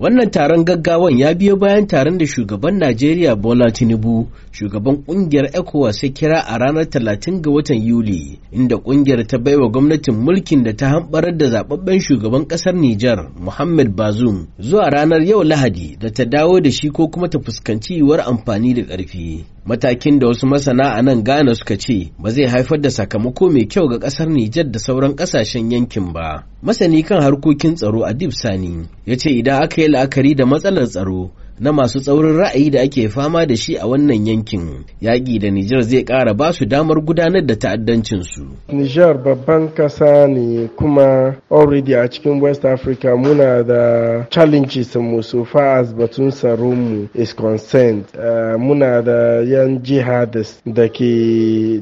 Wannan taron gaggawan ya biyo bayan taron da shugaban Najeriya Bola Tinubu, shugaban kungiyar ECOWAS ya kira a ranar 30 ga watan Yuli, inda kungiyar ta baiwa gwamnatin mulkin da ta hambarar da zababben shugaban kasar Nijar, Muhammad Bazoum, zuwa ranar yau Lahadi da ta dawo da shi ko kuma ta fuskanci yiwuwar amfani da ƙarfi. matakin da wasu masana a nan Ghana suka ce ba zai haifar da sakamako mai kyau ga kasar Nijar da sauran kasashen yankin ba. Masani kan harkokin tsaro a Sani ya ce idan aka yi la'akari da matsalar tsaro na masu tsaurin ra'ayi da ake fama da shi a wannan yankin yaƙi da Nijar zai ƙara ba su damar gudanar da ta'addancinsu. Nijar babban ƙasa ne kuma already a cikin West Africa muna da challenges mu so far as batun tsaron mu is concerned. Uh, muna da yan jihadist da ke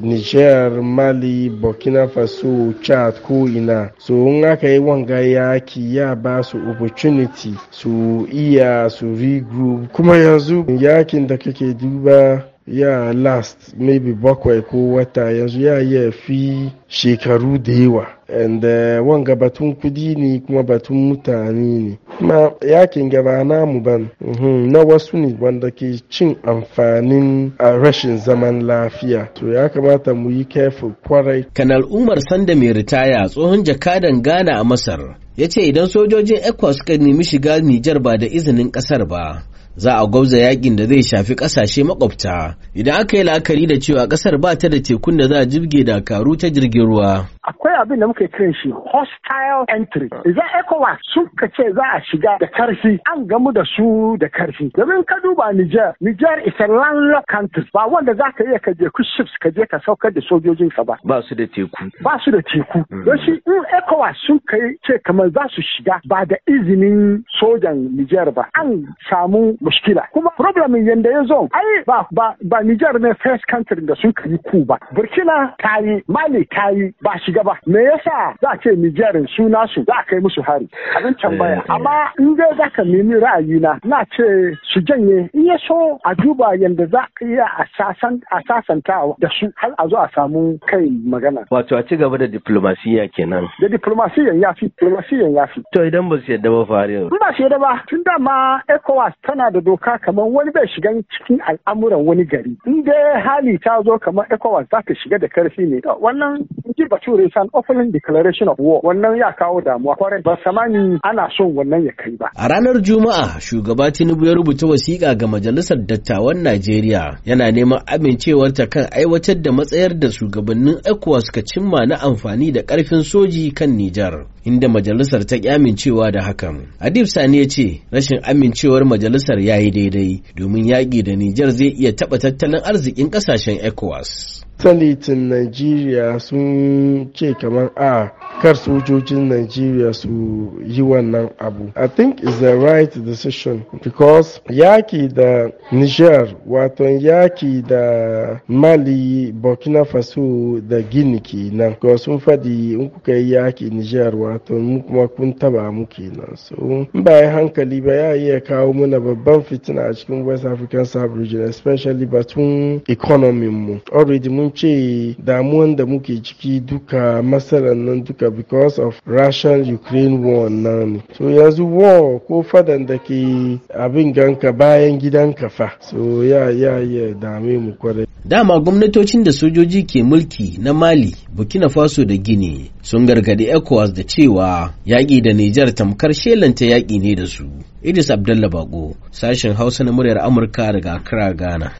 Nijar, Mali, Burkina Faso, Chad ko ina. So in aka yi wanga yaki ya ba su opportunity su iya su regroup kuma yanzu yakin da kake duba ya last maybe bakwai ko wata yanzu ya yi fi shekaru da yawa and uh, wanga batun kudi ne kuma batun mutane ne kuma yakin gaba namu ban mhm, na wasu ne wanda ke cin amfanin a uh, rashin zaman lafiya to ya kamata mu yi careful kwarai kanal umar sanda mai ritaya tsohon jakadan ghana a masar ya ce idan sojojin ecuador suka nemi shiga nijar ba da izinin kasar ba za a gwabza yakin da zai shafi kasashe makwabta idan aka yi la'akari da cewa kasar ba ta da tekun da za a jibge dakaru ta jirgin ruwa akwai abin da muke kiran shi hostile entry ah. idan ecowas ka ce za a shiga da karfi an gamu da su da karfi domin ka duba niger niger is a landlocked country ba wanda za ka iya ka je ku ships ka je ka saukar da sojojin ka ba ba su da teku ba su da teku hmm. don shi in ecowas sun kai ce kamar za su shiga ba da izinin sojan niger ba an samu mushkila kuma problemin yanda ya zo ai ba ba ba niger ne first country da sun kai ku ba burkina ta yi mali ta yi ba shiga gaba me yasa za ce Nijerin suna su za kai musu hari abin tambaya eh, eh. amma in dai za ka nemi ra'ayina na ce su janye in ya so a duba yanda za ka iya a sasantawa da su har a zo a samu kai magana wato a ci gaba da diplomasiya kenan da diplomasiya ya fi diplomasiya ya fi to idan ba su yadda ba fare ba ba su yadda ba tun dama ECOWAS tana da doka kamar wani bai shiga cikin al'amuran wani gari in dai hali ta zo kamar ECOWAS za ta shiga da karfi ne wannan Sarki Bature san declaration of war wannan ya kawo damuwa kwarai ba samani ana son wannan ya kai ba. A ranar Juma'a shugaba Tinubu ya rubuta wasiƙa ga Majalisar Dattawan Najeriya yana neman amincewar ta kan aiwatar da matsayar da shugabannin ECOWAS suka cimma na amfani da ƙarfin soji kan Nijar inda majalisar ta ƙi amincewa da hakan. Adib Sani ya ce rashin amincewar majalisar ya yi daidai domin yaƙi da Nijar zai iya taɓa tattalin arzikin ƙasashen ECOWAS. talitin najeriya sun ce kamar a kar sojojin najeriya su yi wannan abu i think is the right decision because yaki da niger wato yaki da mali burkina faso da gini kenan ko sun fadi in kuka yi yaki niger wato mu kuma kun taba mu kenan so in ba hankali ba ya iya kawo muna babban fitina a cikin west african sub-region especially batun economy mu already mun ce damuwan da muke ciki duka masarar nan duka because of russian ukraine war nan ne so yanzu war ko fadan da ke abin ganka bayan gidan fa so ya ya ya dame mu kwarai dama gwamnatocin da sojoji ke mulki na mali burkina faso da gini sun gargaɗi ecowas da cewa yaƙi da nijar tamkar shelanta yaƙi ne da su idris abdallah bako sashen hausa na muryar amurka daga accra ghana